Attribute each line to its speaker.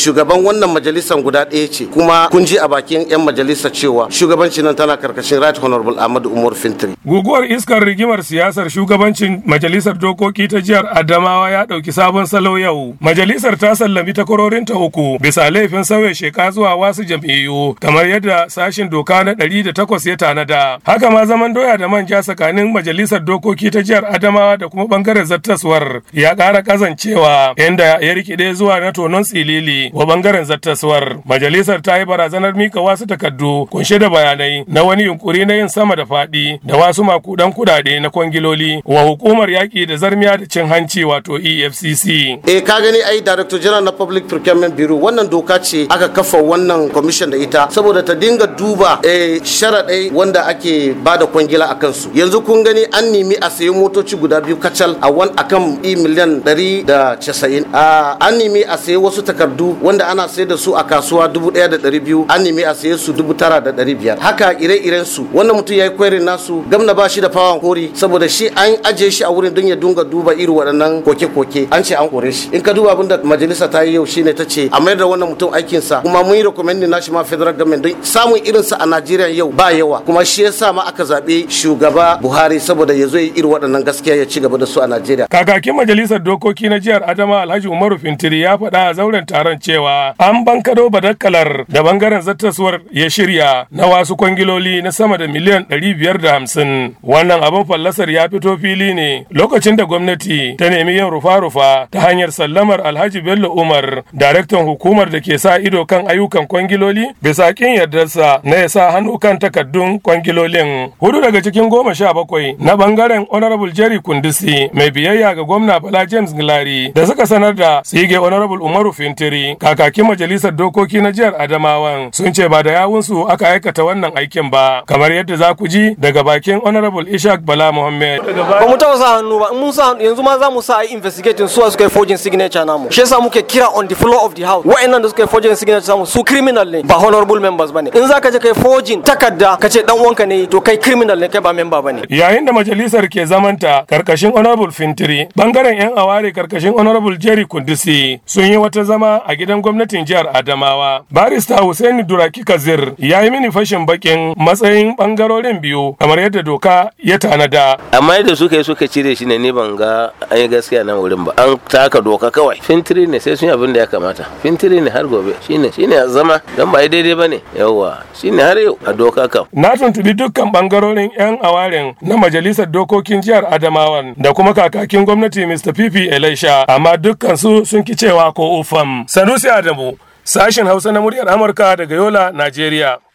Speaker 1: shugaban wannan majalisar guda ɗaya ce kuma kun ji a bakin 'yan majalisa cewa shugabancin nan tana karkashin right honorable ahmadu umar fintiri
Speaker 2: guguwar iskar rigimar siyasar shugabancin majalisar dokoki ta jihar adamawa ya ɗauki sabon salo yau majalisar ta sallami ta uku bisa laifin sauya sheka zuwa wasu jam'iyyu kamar yadda sashin doka na ɗari da takwas ya tanada haka ma zaman doya da manja tsakanin majalisar dokoki ta jihar adamawa da kuma bangaren zattaswar ya ƙara kazancewa inda ya rikide zuwa na tonon tsilili wa bangaren zartaswar majalisar ta yi barazanar mika wasu takardu kunshe da bayanai na wani yunkuri na yin sama da faɗi da wasu makudan kudade na kwangiloli wa hukumar yaƙi da zarmiya da cin hanci wato EFCC.
Speaker 1: Eh ka gani ai Director General na Public Procurement Bureau wannan doka ce aka kafa wannan commission da ita saboda ta dinga duba eh sharaɗai wanda ake ba da kwangila a kansu. Yanzu kun gani an nemi a sayi motoci guda biyu kacal a wan akan e miliyan 190. Ah, an nemi a sayi wasu takardu wanda ana sayar da su a kasuwa 1200 an nemi a saye su tara da biyar. haka ire-iren su wannan mutum ya yi kwarin nasu gamna ba shi da fawan kori saboda shi an ajiye shi a wurin don ya dunga duba iri waɗannan koke-koke an ce an kore shi in ka duba abin da majalisa ta yi yau shi ne ta ce a mayar da wannan mutum aikinsa kuma mun yi na nashi ma federal government don samun sa a Najeriya yau ba yawa kuma shi ya sa ma aka zaɓi shugaba Buhari saboda ya zo ya irin waɗannan gaskiya ya ci gaba da su a
Speaker 2: Najeriya. Kakakin majalisar dokoki na jihar Adama Alhaji Umaru Fintiri ya faɗa a zauren taron cewa an bankado badakkalar da bangaren zattasuwar ya shirya na wasu kwangiloli na sama da miliyan 550 wannan abin fallasar ya fito fili ne lokacin da gwamnati ta nemi yin rufa-rufa ta hanyar sallamar alhaji bello umar daraktan hukumar da ke sa ido kan ayyukan kwangiloli bisa kin yardarsa na ya sa hannu kan takardun kwangilolin hudu daga cikin goma sha bakwai na bangaren honorable jerry kundisi mai biyayya ga gwamna bala james gilari da suka sanar da sige honorable umaru fintiri kakakin majalisar dokoki na jihar Adamawan sun ce ba da yawunsu aka aikata wannan aikin ba kamar yadda za ku ji daga bakin Honorable Ishaq Bala Muhammad. Ba mu taɓa sa
Speaker 1: hannu ba mun sa yanzu ma za mu sa ai investigating su suka yi forging signature namu. Shi yasa muke kira on the floor of the house. Wa'annan da suka yi forging signature namu su criminal ne ba honorable members bane. In zaka ka je kai forging takarda ka ce dan uwanka ne to kai criminal ne kai ba member bane.
Speaker 2: Yayin da majalisar ke zamanta karkashin honorable Fintiri bangaren yan aware karkashin honorable Jerry kundisi sun yi wata zama a gidan gidan gwamnatin jihar Adamawa. Barista Hussein Duraki Kazir ya yi mini fashin bakin matsayin bangarorin biyu kamar yadda doka ya tanada. Amma yadda suka yi suka cire shi ne ni ban
Speaker 1: ga an yi gaskiya nan wurin ba. An taka doka kawai. Fintiri ne sai sun yi abin da ya kamata. Fintiri ne har gobe. Shine shine a zama don ba daidai ba ne. Yawwa shine har yau a doka kam.
Speaker 2: Na tuntubi dukkan bangarorin 'yan awarin na majalisar dokokin jihar Adamawan da kuma kakakin gwamnati Mr. Pipi Elisha amma dukkan su sun ki cewa ko ufam. Sanusi Salisu Adamu, sashen Hausa na muryar Amurka daga Yola, Najeriya.